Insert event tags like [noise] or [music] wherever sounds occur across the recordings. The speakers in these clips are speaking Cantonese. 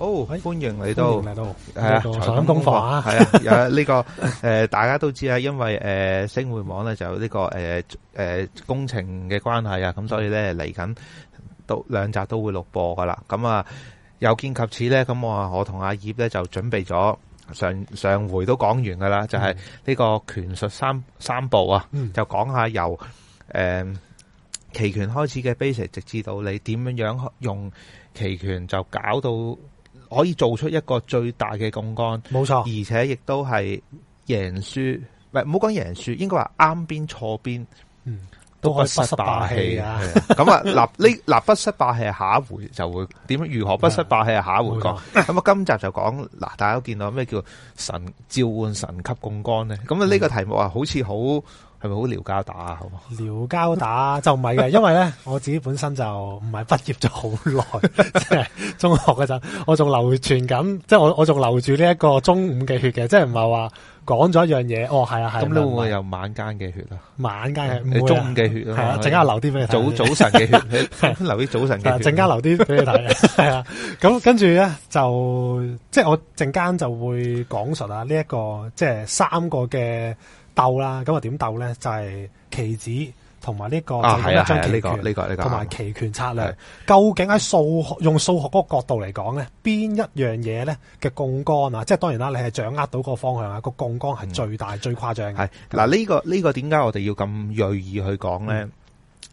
好、哦，歡迎嚟到，係財金工房啊，係啊，呢、這個誒、呃，大家都知啊，因為誒、呃、星匯網咧就呢、這個誒誒、呃呃、工程嘅關係啊，咁所以咧嚟緊兩兩集都會錄播噶啦，咁啊又見及此咧，咁我啊我同阿葉咧就準備咗上上回都講完噶啦，就係、是、呢個權術三三部啊，嗯、就講下由誒期、呃、權開始嘅 basis 直至到你點樣樣用期權就搞到。可以做出一個最大嘅槓桿，冇錯錯，而且亦都係贏輸，唔唔好講贏輸，應該話啱邊錯邊，嗯，都可以不失霸氣、嗯、啊。咁的 [laughs] 啊，嗱呢嗱不失霸氣下一回就會點？如何不失霸氣下一回講。咁啊錯，今集就講嗱，大家都見到咩叫神召喚神級槓桿咧？咁啊，呢個題目啊，好似好～係咪好撩交打啊？好冇？撩交打就唔係嘅，因為咧我自己本身就唔係畢業咗好耐，即係中學嗰陣，我仲流傳緊，即係我我仲留住呢一個中午嘅血嘅，即係唔係話講咗一樣嘢。哦，係啊，係啊。咁你會唔會有晚間嘅血啊，晚間嘅唔會啊，中午嘅血啊，陣間留啲俾你。早早晨嘅血，留啲早晨嘅陣間留啲俾你睇，係啊。咁跟住咧就即係我陣間就會講述啊呢一個即係三個嘅。鬥啦，咁啊點鬥咧？就係期指同埋呢個、啊、就一張期權，呢、啊啊啊啊，這個呢、這個同埋期權策略，究竟喺數學用數學嗰個角度嚟講咧，邊一樣嘢咧嘅槓桿啊？即係當然啦，你係掌握到個方向槓桿、嗯、啊，吧啊這個槓桿係最大最誇張嘅。嗱，呢個呢個點解我哋要咁銳意去講咧？嗯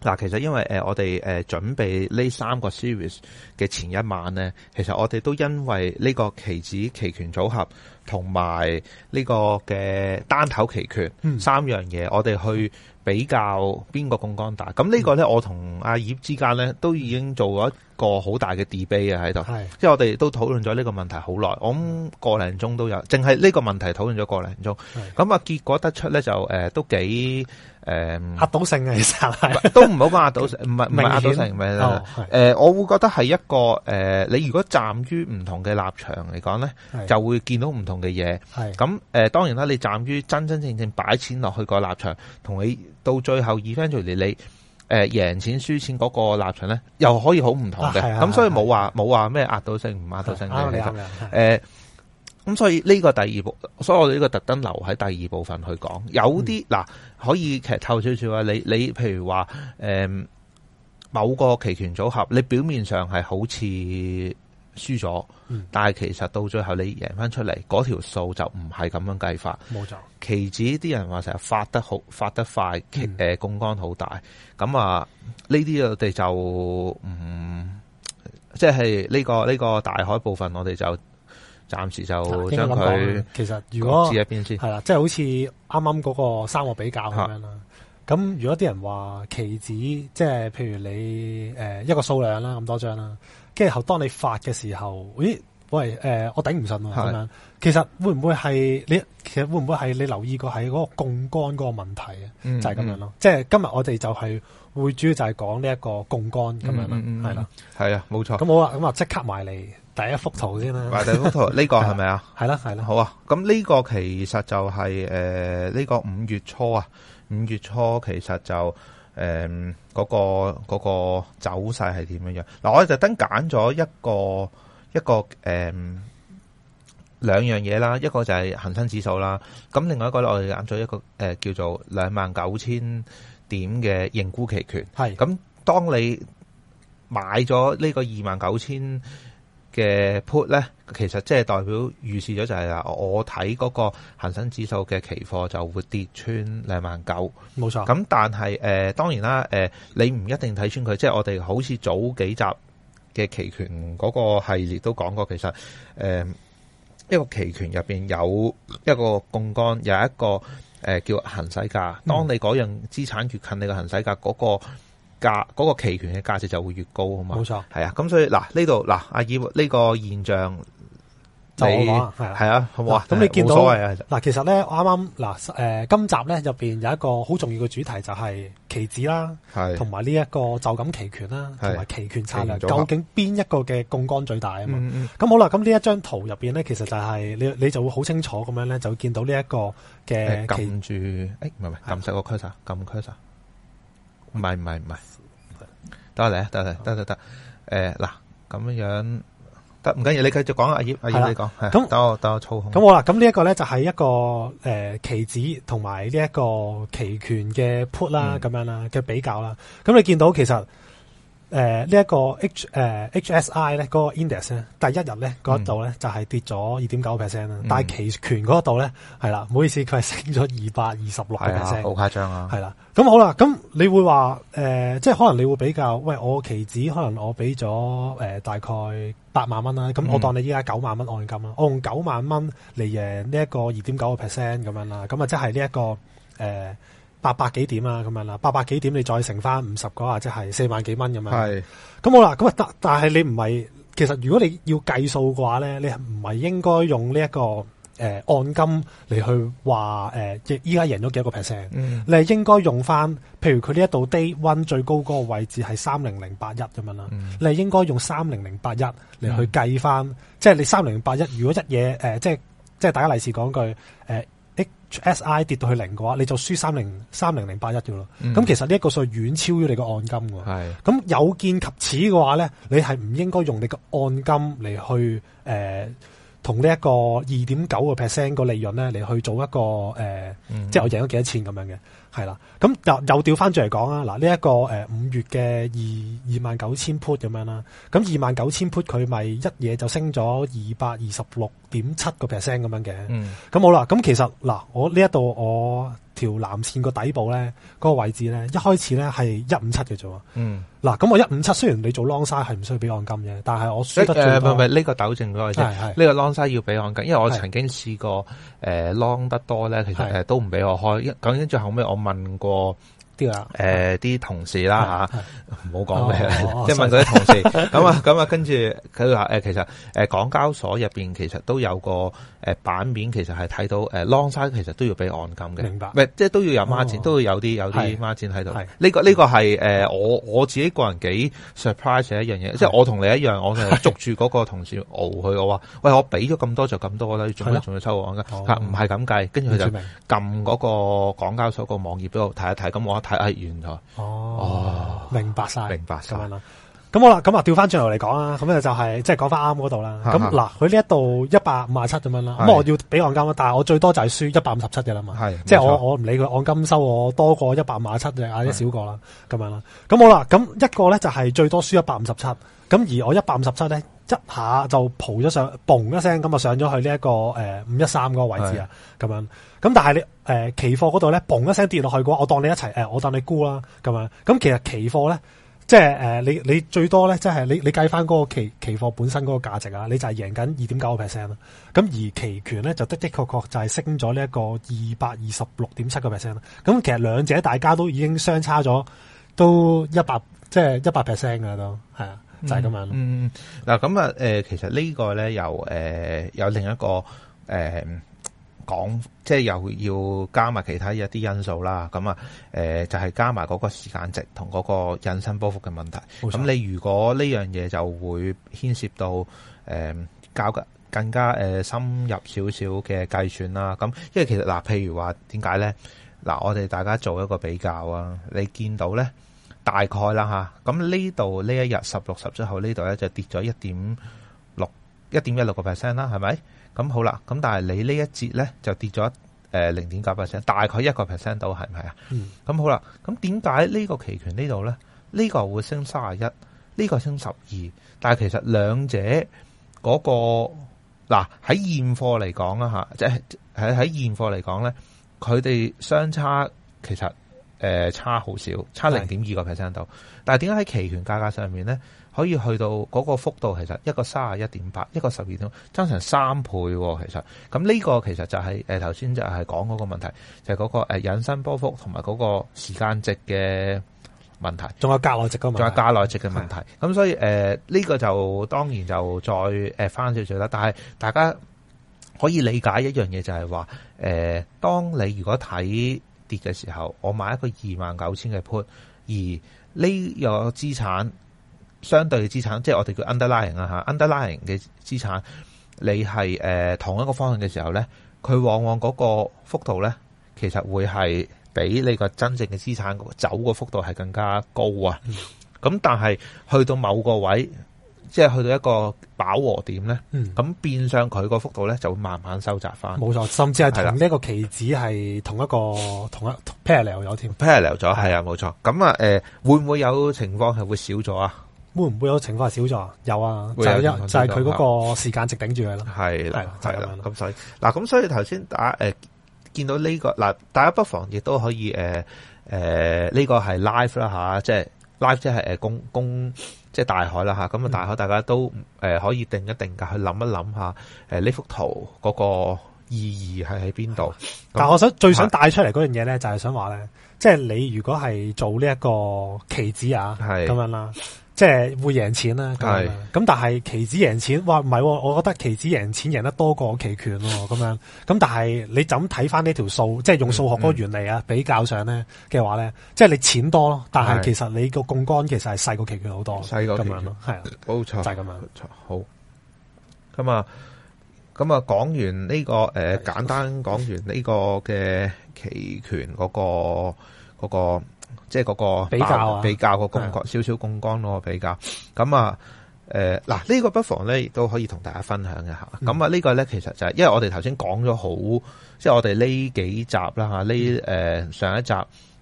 嗱，其實因為誒、呃、我哋誒、呃、準備呢三個 series 嘅前一晚咧，其實我哋都因為呢個期指、期權組合同埋呢個嘅單頭期權、嗯、三樣嘢，我哋去比較邊個槓杆大。咁呢個咧，嗯、我同阿葉之間咧都已經做咗。個好大嘅 d e b a t 啊喺度，是即係我哋都討論咗呢個問題好耐，我諗個零鐘都有，淨係呢個問題討論咗個零鐘。咁啊是，結果得出咧就誒、呃、都幾誒壓、呃、倒性嘅，其實都唔好講壓倒性，唔係唔係壓倒性，唔係誒，我會覺得係一個誒、呃，你如果站於唔同嘅立場嚟講咧，是就會見到唔同嘅嘢。咁誒是、呃，當然啦，你站於真真正正擺錢落去個立場，同你到最後 i n t 嚟你。誒，贏錢輸錢嗰個立場咧，又可以好唔同嘅，咁、啊啊啊啊啊啊啊、所以冇話冇話咩壓到性唔壓到性，嘅情況誒，咁所以呢個第二部，所以我哋呢個特登留喺第二部分去講。有啲嗱、啊，可以劇透少少啊。你你譬如話誒、呃，某個期權組合，你表面上係好似。輸咗，但係其實到最後你贏翻出嚟，嗰條數就唔係咁樣計法。冇錯錯，期指啲人話成日發得好，發得快，誒，槓桿好大。咁啊、嗯，呢啲我哋就唔，即係呢個呢、這個大海部分我們，我哋就暫時就將佢、啊。將它其實如果，係啦，即係、就是、好似啱啱嗰個三個比較咁樣啦。咁、啊、如果啲人話期指，即係譬如你誒一個數量啦，咁多張啦。跟住後，當你發嘅時候，咦、哎？喂，誒、呃，我頂唔順啊！咁是的 樣其實會唔會係你？其實會唔會係你留意過係嗰個槓桿個問題、嗯、就係咁樣囉。嗯嗯、即係今日我哋就係會主要就係講呢一個槓桿咁樣咯，係啦，係啊，冇錯。咁好啊，咁啊，即刻埋嚟第一幅圖先啦、啊。埋第一幅圖，呢、這個係咪啊？係啦，係啦。好啊，咁呢個其實就係、是、呢、呃這個五月初啊，五月初其實就。誒嗰、嗯那個那個走勢係點樣樣嗱？我哋特登揀咗一個一個誒、嗯、兩樣嘢啦，一個就係恒生指數啦，咁另外一個呢，我哋揀咗一個誒、呃、叫做兩萬九千點嘅認沽期權，係咁是，咁當你買咗呢個二萬九千。嘅 put 呢，其實即係代表預示咗就係、是、話，我睇嗰個恆生指數嘅期貨就會跌穿兩萬九，冇錯錯。咁但係誒、呃，當然啦，誒、呃、你唔一定睇穿佢，即、就、係、是、我哋好似早幾集嘅期權嗰個系列都講過，其實誒一、呃這個期權入邊有一個槓桿，有一個誒、呃、叫行使價。當你嗰樣資產越近你嘅行使價嗰、嗯那個。價嗰個期權嘅價值就會越高啊嘛，冇錯，係啊，咁所以嗱呢度嗱阿葉呢個現象，就係係啊，好啊，咁你見到嗱，其實咧我啱啱嗱誒今集咧入邊有一個好重要嘅主題就係期指啦，同埋呢一個就咁期權啦，同埋期權策略，究竟邊一個嘅槓桿最大啊嘛，咁好啦，咁呢一張圖入邊咧，其實就係你你就會好清楚咁樣咧，就會見到呢一個嘅撳住誒唔係唔係撳實個 c u r 唔係唔係唔係，得嚟啊得嚟得得得，誒嗱咁樣得唔緊要，你繼續講阿葉阿葉你講，等我等我操控。咁、嗯、好啦，咁、這、呢、個、一個咧就係一個誒期指同埋呢一個期權嘅 put 啦，咁樣啦嘅比較啦，咁、嗯嗯、你見到其實。誒，呢一、呃這個 H 誒、呃、HSI 咧嗰、那個 index 咧，第一日咧嗰度咧就係跌咗二點九 percent 啦。但係期權嗰度咧係啦，唔好意思，佢係升咗二百二十六 percent，好誇張啊！係、啊、啦，咁好啦，咁你會話誒、呃，即係可能你會比較，喂，我期指可能我俾咗誒大概八萬蚊啦，咁我當你依家九萬蚊按金啦，嗯、我用九萬蚊嚟贏呢一個二點九個 percent 咁樣啦，咁啊即係呢一個誒。八百幾點啊，咁樣啦，八百幾點你再乘翻五十個，或者係四萬幾蚊咁樣。咁是好啦，咁但但係你唔係，其實如果你要計數嘅話咧，你唔係應該用呢、這、一個誒、呃、按金嚟去話誒，即係依家贏咗幾多個 percent？嗯、你係應該用翻，譬如佢呢一度 day one 最高嗰個位置係三零零八一咁樣啦，嗯、你係應該用三零零八一嚟去計翻，嗯、即係你三零零八一如果一嘢誒、呃，即係即係大家利是講句誒。呃 S.I 跌到去零嘅話，你就輸三零三零零八一嘅咯。咁、嗯、其實呢一個數遠超於你個按金㗎。咁係，有見及此嘅話咧，你係唔應該用你個按金嚟去誒、呃、同呢一個二點九個 percent 個利潤咧嚟去做一個誒，呃嗯、即係我贏咗幾多錢咁樣嘅。係啦，咁又又調翻轉嚟講啦。嗱呢、呢個呃、一個誒五月嘅二二萬九千 put 咁樣啦，咁二萬九千 put 佢咪一嘢就升咗二百二十六點七個 percent 咁樣嘅，嗯，咁好啦，咁其實嗱，我呢一度我。條藍線個底部咧，嗰、那個位置咧，一開始咧係一五七嘅啫。嗯、啊，嗱，咁我一五七雖然你做 long share 係唔需要俾按金嘅，但係我輸得最多、欸呃、唔係唔係、呢個糾正咗，呢個 long share 要俾按金，因為我曾經試過誒 long 是、呃、得多咧，其實都唔俾我開。究竟是最後尾我問過。啲啲同事啦，唔好講咩，即係問咗啲同事。咁啊，咁啊，跟住佢話誒，其實港交所入面其實都有個版面，其實係睇到誒 long 山其實都要俾按金嘅，明白？即係都要有孖展，都要有啲有啲孖展喺度。呢個呢個係誒我我自己個人幾 surprise 嘅一樣嘢，即係我同你一樣，我就捉住嗰個同事熬佢，我話喂，我俾咗咁多就咁多啦，仲咩仲要抽按，唔係咁計。跟住佢就撳嗰個港交所個網頁俾我睇一睇，咁我。係押完咗，哦，哦明白晒，明白晒咁樣啦。咁好啦，咁啊，調翻轉頭嚟講啦。咁咧就係即係講翻啱嗰度啦。咁嗱哈，佢呢一度一百五十七咁樣啦，咁的我要俾按金啦，但係我最多就係輸一百五十七嘅啦嘛，係的，即係錯我我唔理佢按金收我多過一百五十七嘅，或者少過啦，咁樣啦。咁好啦，咁一個咧的就係最多輸一百五十七，咁而我一百五十七咧一下就蒲咗上，嘣一聲咁啊上咗去呢一個誒五一三嗰個位置啊，咁的樣。咁但係你，誒、呃，期貨嗰度咧，嘣一聲跌落去嘅話，我當你一齊，誒、呃，我當你沽啦，咁樣。咁其實期貨咧，即係，誒、呃，你你最多咧，即係你你計翻嗰個期期貨本身嗰個價值啊，你就係贏緊二點九個 percent 啦。咁而期權咧，就的的確確就係升咗呢一個二百二十六點七個 percent 啦。咁其實兩者大家都已經相差咗都一百，即係一百 percent 噶啦，都係啊，就係、是、咁樣。嗱、嗯，咁、嗯、啊，誒、呃，其實個呢個咧，又誒、呃、有另一個，誒、呃。講即係又要加埋其他一啲因素啦，咁啊，誒、呃、就係、是、加埋嗰個時間值同嗰個引伸波幅嘅問題。咁、嗯、你如果呢樣嘢就會牽涉到誒交、呃、更加、呃、深入少少嘅計算啦。咁因為其實嗱、呃，譬如話點解呢？嗱、呃，我哋大家做一個比較啊，你見到呢大概啦吓，咁呢度呢一日十六十七號呢度呢，就跌咗一點一點一六個 percent 啦，係咪？咁好啦，咁但係你呢一節咧就跌咗誒零點九 percent，大概一個 percent 到，係唔係啊？嗯好。咁好啦，咁點解呢個期權呢度咧？呢、呢個會升三十一，呢、呢個升十二，但係其實兩者嗰、嗰個嗱喺、那個、現貨嚟講啦吓，即係喺喺現貨嚟講咧，佢哋相差其實誒、呃、差好少，差零點二個 percent 到。是的 但係點解喺期權價格上面咧？可以去到嗰個幅度，其實一個三十一點八，一個十二點，增成三倍，哦。其實咁呢，這個其實就係誒頭先就係講嗰個問題，就係、是、嗰、那個、呃、引伸波幅同埋嗰個時間值嘅問題，仲有價內值嘅，仲有價內值嘅問題。咁的、嗯、所以誒呢、呃這個就當然就再返、呃、翻少少啦。但係大家可以理解一樣嘢，就係話誒，當你如果睇跌嘅時候，我買一個二萬九千嘅 put，而呢個資產。相對嘅資產，即係我哋叫 underlying, 下 underlying 啊吓，underlying 嘅資產你，你係誒同一個方向嘅時候咧，佢往往嗰個幅度咧，其實會係比你個真正嘅資產走個幅度係更加高啊。咁、嗯、但係去到某個位，嗯、即係去到一個飽和點咧，咁、嗯、變相佢個幅度咧就會慢慢收窄翻。冇錯，甚至係同一個期指係同一個了同一 parallel 咗添，parallel 咗係啊，冇、嗯、錯。咁啊誒，會唔會有情況係會少咗啊？會唔會有情況係少咗？有啊，就係就係佢嗰個時間直頂住佢咯。係啦，係啦，咁所以嗱，咁所以頭先大家誒見到呢個嗱，大家不妨亦都可以誒誒呢個係 live 啦吓，即係 live 即係誒公公即係大海啦吓。咁啊大海，大家都誒可以定一定噶，去諗一諗下誒呢幅圖嗰個意義係喺邊度？但我想最想帶出嚟嗰樣嘢咧，就係想話咧，即係你如果係做呢一個棋子啊，係咁樣啦。即係會贏錢啦，咁是但係期指贏錢，哇，唔係、啊，我覺得期指贏錢贏得多過期權咯，咁樣。咁但係你怎睇翻呢條數？即係用數學嗰個原理啊，比較上咧嘅話咧，嗯嗯、即係你錢多咯，但係其實你個槓桿其實係細過期權好多，咁是樣咯，係，冇錯是，錯就係咁樣，好。咁啊，咁啊、這個，講完呢個誒，是簡單講完呢個嘅期權嗰個嗰個。那個即係嗰個比較、啊、比較個感覺，的少少公干槓桿咯，比較咁啊，誒、呃、嗱、這個 er、呢個不妨咧，亦都可以同大家分享一下。咁啊、嗯，這這個呢個咧其實就係、是，因為我哋頭先講咗好，即係我哋呢幾集啦吓，呢誒、嗯、上一集、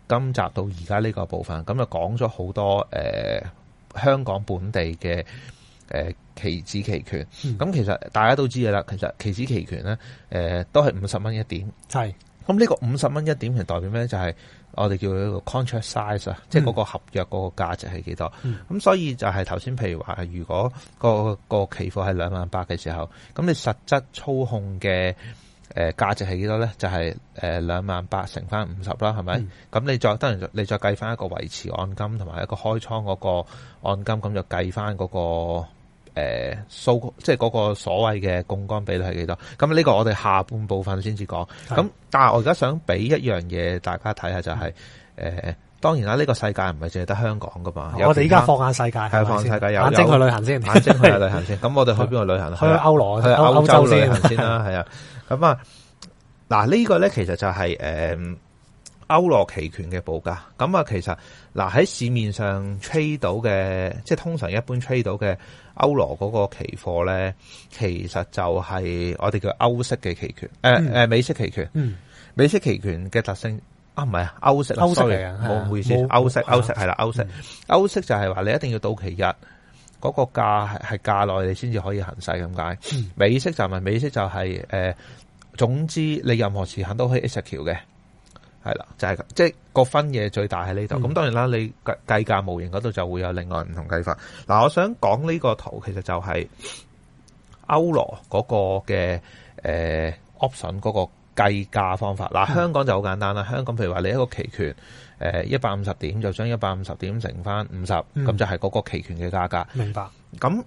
今集到而家呢個部分，咁啊講咗好多誒、呃、香港本地嘅誒、呃、期指期權。咁、嗯、其實大家都知嘅啦，其實期指期權咧，誒、呃、都係五十蚊一點。係咁呢個五十蚊一點，其實代表咩、就是？就係。我哋叫佢 contract size 啊，即係嗰個合約嗰個價值係幾多？咁、嗯、所以就係頭先，譬如話，如果、嗰個、嗰個期貨係兩萬八嘅時候，咁你實質操控嘅價、呃、值係幾多咧？就係兩萬八乘翻五十啦，係、呃、咪？咁、嗯、你再當然，等你再計翻一個維持按金同埋一個開倉嗰個按金，咁就計翻嗰個。誒，數、呃、即係嗰個所謂嘅槓桿比率係幾多？咁呢個我哋下半部分先至講。咁是但係我而家想俾一樣嘢大家睇下就係、是，誒、呃，當然啦，呢、這個世界唔係淨係得香港噶嘛。我哋而家放眼世界，係是放眼世界，吧有有眼睛去旅行先，眼睛去旅行先。咁 [laughs] 我哋去邊度旅行？ [laughs] 去歐羅去歐羅，去歐洲旅行先啦，係 [laughs] 洲先 [laughs] 啊。咁、這、啊、個，嗱呢個咧其實就係、是、誒。呃歐羅期權嘅報價，咁啊，其實嗱喺市面上 trade 到嘅，即係通常一般 trade 到嘅歐羅嗰個期貨咧，其實就係我哋叫歐式嘅期權，誒誒，美式期權，美式期權嘅特性啊，唔係啊，歐式，歐式，唔好意思，歐式，歐式係啦，歐式，歐式就係話你一定要到期日嗰個價係價內，你先至可以行使。咁解。美式就係美式就係誒，總之你任何時限都可以 execute 嘅。係啦，就係、是、即係個分嘢最大喺呢度。咁、嗯、當然啦，你計價模型嗰度就會有另外唔同計法。嗱、呃，我想講呢個圖其實就係歐羅嗰個嘅誒、呃、option 嗰個計價方法。嗱、呃，香港就好簡單啦。香港譬如話你一個期權，誒一百五十點就將一百五十點乘翻五十，咁就係嗰個期權嘅價格。明白。咁。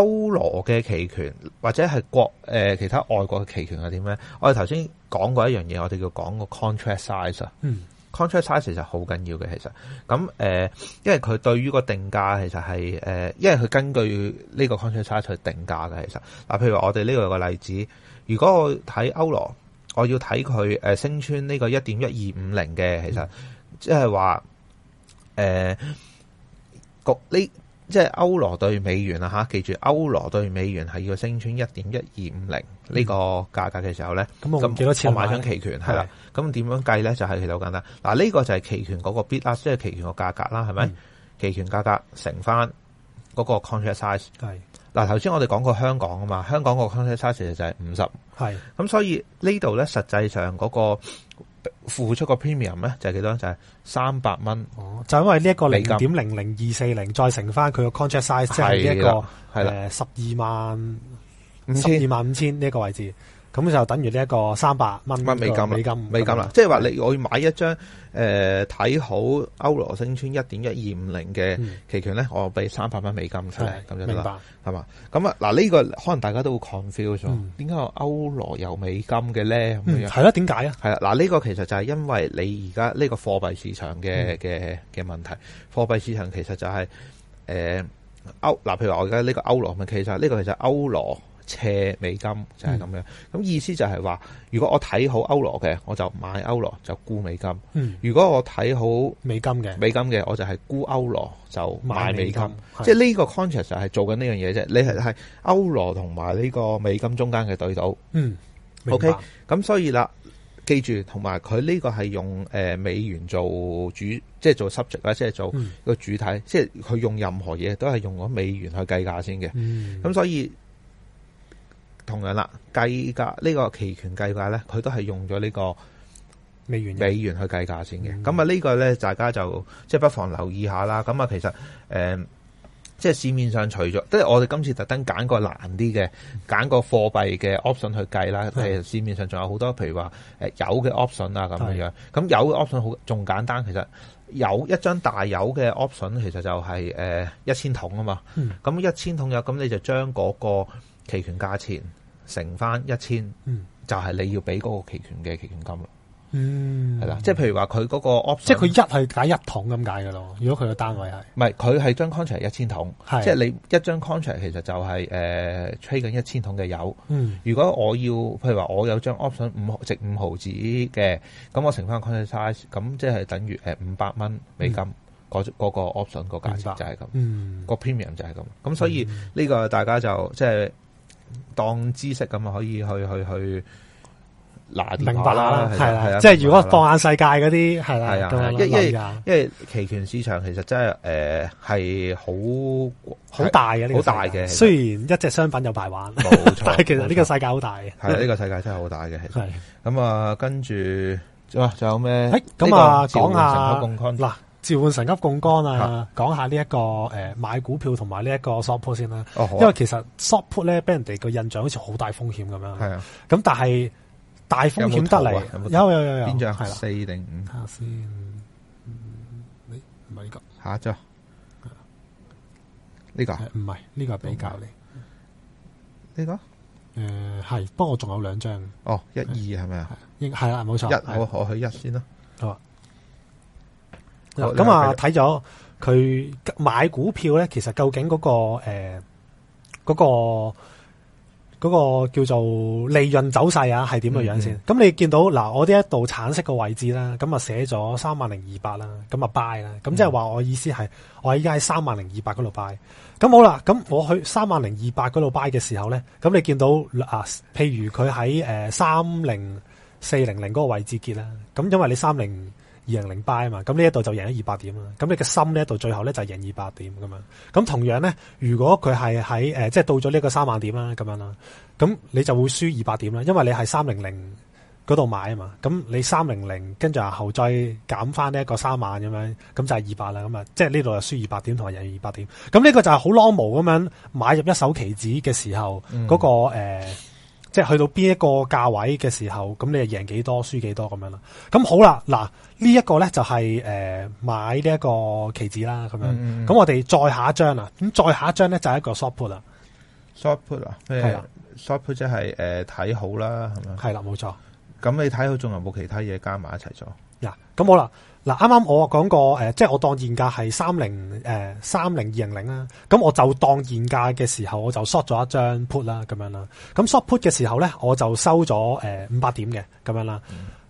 歐羅嘅期權，或者係國、呃、其他外國嘅期權係點咧？我哋頭先講過一樣嘢，我哋要講個 contract size 啊、嗯。嗯，contract size 其實好緊要嘅，其實咁誒、呃，因為佢對於個定價其實係誒、呃，因為佢根據呢個 contract size 去定價嘅其實。嗱、呃，譬如我哋呢個個例子，如果我睇歐羅，我要睇佢升穿呢個一點一二五零嘅，其實即係話誒，呢、嗯。即係歐羅對美元啊，嚇，記住歐羅對美元係要升穿一點一二五零呢個價格嘅時候咧，咁我咁幾多錢買張期權係啦，咁點樣計咧？就係、是、其實好簡單。嗱、啊，呢、這個就係期權嗰個 bid 啦，即係期權個價格啦，係咪？嗯、期權價格乘翻嗰個 contract size 的。係嗱、啊，頭先我哋講過香港啊嘛，香港個 contract size 其實就係五十。係咁、嗯，所以呢度咧，實際上嗰、那個。付出個 premium 咧，就係幾多？就係三百蚊。哦，就因為呢一個零點零零二四零再乘翻佢個 contract size，即係一個係啦十二萬，五千，十二萬五千呢一個位置。咁就等於呢一個三百蚊美金，美金，美金啦。即係話你，我要買一張誒睇、嗯呃、好歐羅星村一點一二五零嘅期權咧，嗯、我俾三百蚊美金出嚟，咁、嗯、就得啦。係嘛白？咁啊嗱，呢、呢個可能大家都會 confuse 咗、嗯，點解歐羅有美金嘅咧？嗯，係啦，點解啊？係啦，嗱，呢個其實就係因為你而家呢個貨幣市場嘅嘅嘅問題。貨幣市場其實就係、是、誒、呃、歐嗱，譬如話我而家呢個歐羅咁其 K 呢個其實歐羅。借美金就係、是、咁樣，咁、嗯、意思就係話，如果我睇好歐羅嘅，我就買歐羅就沽美金；嗯、如果我睇好美金嘅，美金嘅我就係沽歐羅就買美金。美金是即係呢個 contract 就係做緊呢樣嘢啫。你係係歐羅同埋呢個美金中間嘅對賭。嗯，OK。咁所以啦，記住，同埋佢呢個係用誒美元做主，即係做 subject 咧，即係做個主體，嗯、即係佢用任何嘢都係用咗美元去計價先嘅。咁、嗯、所以。同樣啦，計價呢個期權計價咧，佢都係用咗呢個美元去計價先嘅。咁啊、嗯，呢個咧大家就即係不妨留意下啦。咁啊，其實、呃、即係市面上除咗，即係我哋今次特登揀個難啲嘅，揀、嗯、個貨幣嘅 option 去計啦。嗯、其實市面上仲有好多，譬如話油嘅 option 啊咁樣樣。咁油嘅 option 好仲簡單，其實有一張大油嘅 option，其實就係一千桶啊嘛。咁一千桶油，咁你就將嗰個期權價錢，乘翻一千，就係你要俾嗰個期權嘅期權金啦、嗯。嗯，係啦，即係譬如話佢嗰個 option，即係佢一係解一桶咁解噶咯。如果佢個單位係，唔係佢係張 contract 一千桶，的即係你一張 contract 其實就係誒吹緊一千桶嘅油。嗯，如果我要譬如話我有張 option 五毫值五毫子嘅，咁我乘翻 contract size，咁即係等於誒五百蚊美金嗰個個 option 個價錢就係咁。嗯，個 premium 就係咁。咁、嗯、所以呢個大家就、嗯、即係。當知識咁啊，可以去去去嗱，明白啦，係啦，即係如果放眼世界嗰啲，係啦，係是啊是，因為因為期權市場其實真係誒係好好大嘅，好大嘅。雖然一隻商品有排玩，但係其實呢個世界好大嘅，係呢 [laughs] 個，呢個世界真係好大嘅，係。咁啊對，跟住仲有咩？咁啊、欸，講下嗱。召喚神級槓桿啊！講下呢一個誒買股票同埋呢一個 short put 先啦，因為其實 short put 咧，俾人哋個印象好似好大風險咁樣，係啊，咁但係大風險得嚟有有有有邊張係啦，四定五睇下先。你唔係呢個下一張呢個唔係呢個係比較嚟。呢個誒係，不過仲有兩張哦，一、二係咪啊？應係啦，冇錯。一，我我許一先啦。好。咁啊，睇咗佢買股票呢，其實究竟嗰、那個誒，嗰、呃那個嗰、那個叫做利潤走勢啊，係點嘅樣先？咁、hmm. 你見到嗱，我呢一度橙色嘅位置啦，咁啊寫咗三萬零二百啦，咁啊 buy 啦，咁即係話我意思係，我依家喺三萬零二百嗰度 buy，咁好啦，咁我去三萬零二百嗰度 buy 嘅時候呢，咁你見到啊，譬如佢喺誒三零四零零嗰個位置跌啦，咁因為你三零。二零零八啊嘛，咁呢一度就贏咗二百點啊，咁你嘅心呢一度最後呢就係贏二百點咁樣，咁同樣呢，如果佢係喺誒，即係到咗呢個三萬點啦，咁樣啦，咁你就會輸二百點啦，因為你係三零零嗰度買啊嘛，咁你三零零跟住啊後再減翻呢一個三萬咁樣，咁就係二百啦，咁啊，即係呢度就輸二百點，同埋贏二百點，咁呢個就係好 normal 咁樣買入一手期指嘅時候嗰、嗯那個誒。呃即係去到邊一個價位嘅時候，咁你就贏幾多輸幾多咁樣啦。咁好啦，嗱呢一個咧就係、是、誒、呃、買呢一個期指啦，咁樣。咁、嗯、我哋再下一張啦。咁再下一張咧就係一個 short put 啦，short put 啊，係啦了，short put 即係誒睇好啦，係係啦，冇錯。咁你睇佢仲有冇其他嘢加埋一齊做？嗱，yeah，咁好啦，嗱，啱啱我講過，誒，呃，即係我當現價係三零，誒，三零二零零啦，咁我就當現價嘅時候，我就 short 咗一張 put 啦，咁樣啦，咁 short put 嘅時候咧，我就收咗，誒，呃，五百點嘅，咁樣啦，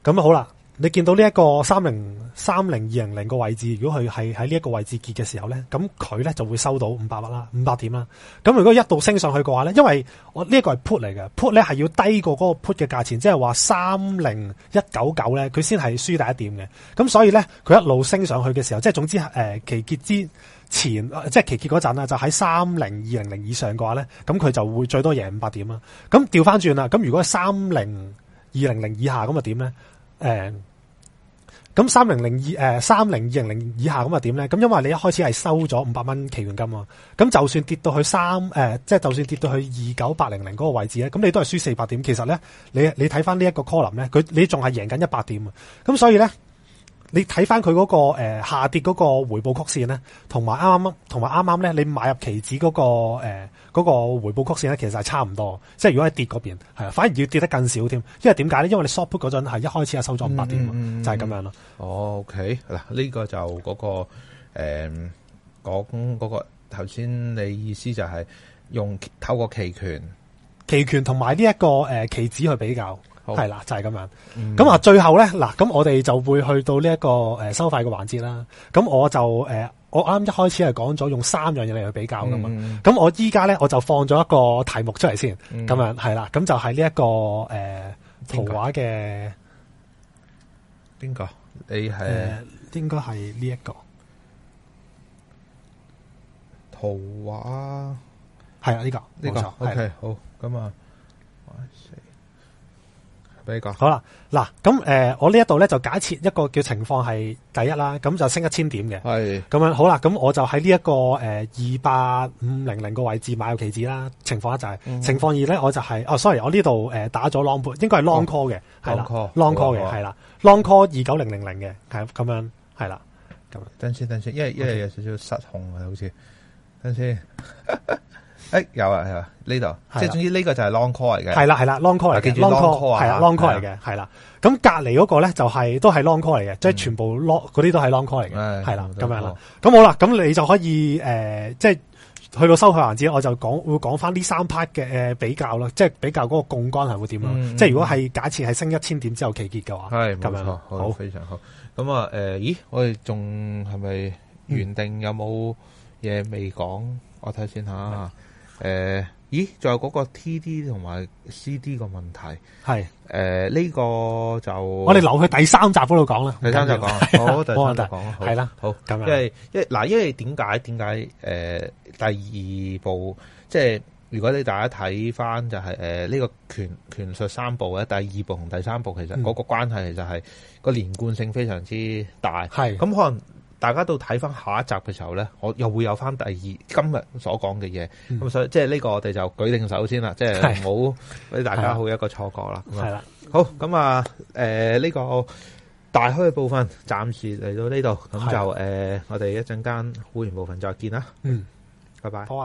咁就好啦。你見到呢一個三零三零二零零個位置，如果佢係喺呢一個位置結嘅時候呢，咁佢呢就會收到五百蚊啦，五百點啦。咁如果一度升上去嘅話呢，因為我呢一個係 put 嚟嘅，put 呢係要低過嗰個 put 嘅價錢，即係話三零一九九呢，佢先係輸第一點嘅。咁所以呢，佢一路升上去嘅時候，即係總之誒期結、呃、之前，呃、即係期結嗰陣咧，就喺三零二零零以上嘅話呢，咁佢就會最多贏五百點啦。咁調翻轉啦，咁如果三零二零零以下咁啊點呢？誒，咁、嗯嗯、三零零二誒、呃、三零二零零以下咁啊點呢？咁、嗯、因為你一開始係收咗五百蚊期權金啊，咁、嗯、就算跌到去三誒、即、呃、係、就是、就算跌到去二九八零零嗰個位置咧，咁、嗯、你都係輸四百點。其實呢，你你睇翻呢一個 column 呢，佢你仲係贏緊一百點啊。咁、嗯、所以呢，你睇翻佢嗰個誒、呃、下跌嗰個回報曲線呢，同埋啱啱同埋啱啱呢你買入期指嗰、那個誒。呃嗰個回報曲線咧，其實係係差唔多，即係如果係跌嗰邊，係啊，反而要跌得更少添，因為點解咧？因為你 short put 嗰陣係一開始係收咗五百點，嗯、就係咁樣咯、哦。OK，嗱，呢個就嗰、那個誒講嗰個頭先你意思就係用透過期權、期權同埋呢一個誒、呃、期指去比較，係啦好，就係、是、咁樣。咁、嗯、啊，最後咧嗱，咁我哋就會去到呢、這、一個誒、呃、收科嘅環節啦。咁我就誒。呃我啱一開始係講咗用三樣嘢嚟去比較㗎嘛，咁、嗯、我依家咧我就放咗一個題目出嚟先，咁樣係啦，咁就係呢一個誒、呃、個圖畫嘅邊個？你係誒、呃、應該係呢一個圖畫係啊？呢、呢個呢、呢個 OK 好咁啊！俾你講好啦，嗱咁誒，我呢一度咧就假設一個叫情況係第一啦，咁就升一千點嘅，係咁的樣好啦，咁我就喺呢一個誒二八五零零個位置買個期指啦。情況一就係、是嗯、情況二咧，我就係、是、哦，sorry，我呢度誒打咗 long put，應該係 long call 嘅，係啦 long, 的，long call 嘅，係啦，long call 二九零零零嘅，係咁樣，係啦。等先等先，因為因為有少少失控啊，Okay. 好似等先。 [laughs] 誒，有啊，係啊，呢度，即係總之呢個就係 long call 嚟嘅，係啦係啦，long call 嚟嘅。long call 啊，係啦，long call 嚟嘅，係啦。咁隔籬嗰個咧就係都係 long call 嚟嘅，即係全部 long 嗰啲都係 long call 嚟嘅，係啦，咁樣啦。咁好啦，咁你就可以誒，即係去到收佢還之，我就講會講翻呢三 part 嘅誒比較啦，即係比較嗰個槓杆係會點。即係如果係假設係升一千點之後期結嘅話，係咁樣，好，非常好。咁啊，誒，咦，我哋仲係咪原定有冇嘢未講？我睇先下。誒、呃，咦？仲有嗰個 T D 同埋 C D 個問題係誒呢個就我哋留去第三集嗰度講啦。第三集講，好，第三集講，係啦好，咁樣、啊因為。因為一嗱，因為點解點解？誒、呃，第二部即係如果你大家睇翻就係誒呢個權權術三部咧，第二部同第三部其實嗰個關係其實係個連貫性非常之大。係咁可能。大家都睇翻下一集嘅時候咧，我又會有翻第二今日所講嘅嘢，咁、嗯、所以即係呢個我哋就舉定手先啦，嗯、即係唔好俾大家好一個錯覺啦。係啦，好咁啊，誒呢、呃這個大開嘅部分暫時嚟到呢度，咁就誒是的、呃、我哋一陣間會員部分再見啦。嗯，拜拜。好